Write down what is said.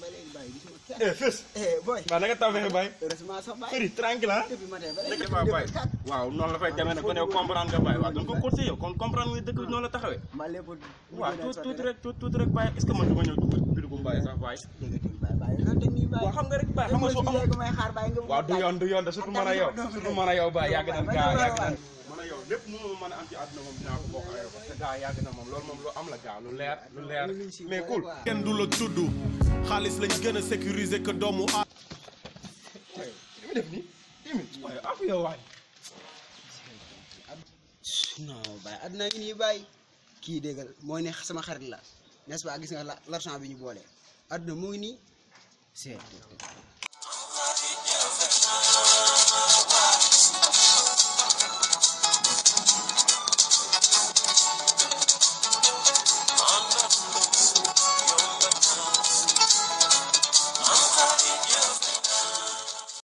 ba léegi bàyyi gisuma kenn. fës. booy waaw da nga taw fexe bàyyi. heureusement sax waaw bàyyi la fay demee nag ku ne comprendre nga bàyyi waaw dañ ko conseillé yow kon comprendre nga dëkk noonu la taxawee. ma lépp tuuti rek tuuti rek bàyyi est-ce man dama ñëw dugg biir bu bàyyi sax bàyyi waaw xam du yoon du yoon de surtout mën a yow surtout a yow baax yàgg a yow lépp a am ci àdduna moom na moom loolu moom lu am la gaa lu leer lu leer mais cool kenn du la tudd xaalis lañ gën a sécuriser que doomu a mi def nii àdduna ngi nii bàyyi kii déggal mooy ne sama xarit la n'est-ce pas gis nga l'argent bi ñu boole àdduna mu ngi nii seet